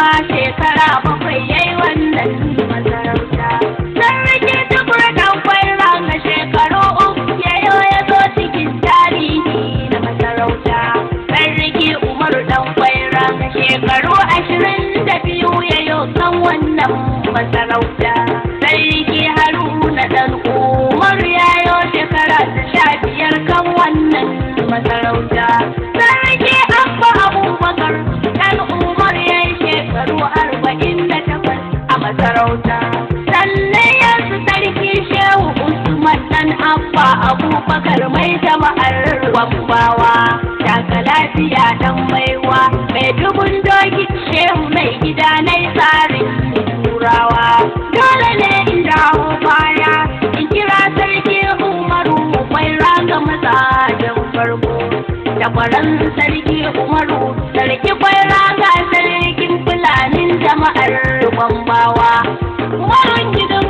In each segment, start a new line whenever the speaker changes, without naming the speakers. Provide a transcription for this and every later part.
A shekara bakwai yayi wannan masarauta sarki tukur ɗan kwaira ga shekaru uku yayo ya zo cikin tarihi na masarauta sarki umar dan kwaira na shekaru ashirin da biyu yayo kan wannan masarauta sarauta sannan yanzu sarki shehu usman dan abba abubakar mai jama'ar wambawa daga lafiya dan maiwa mai dubun doki shehu mai gida na tsarin turawa dole ne in dawo baya in kira sarki umaru mai raga mazajen farko takwaran sarki umaru sarki bai raga sarkin fulanin jama'ar tabawa. Warin gidan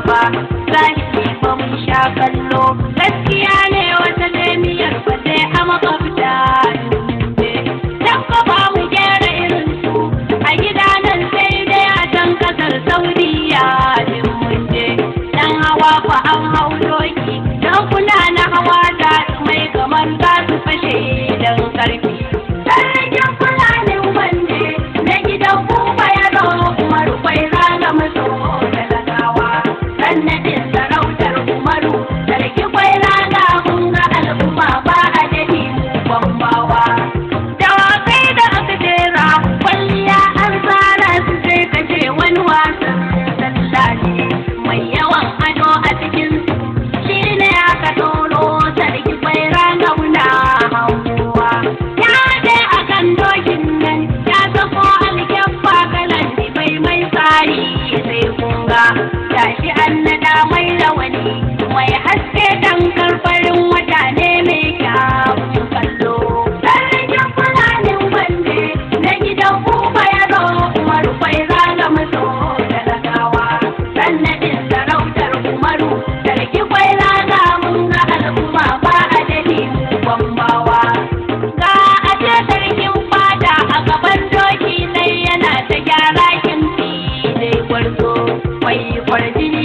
ba zaki ba mu sha kallo gaskiya ne wata ne miyar ba sai a you.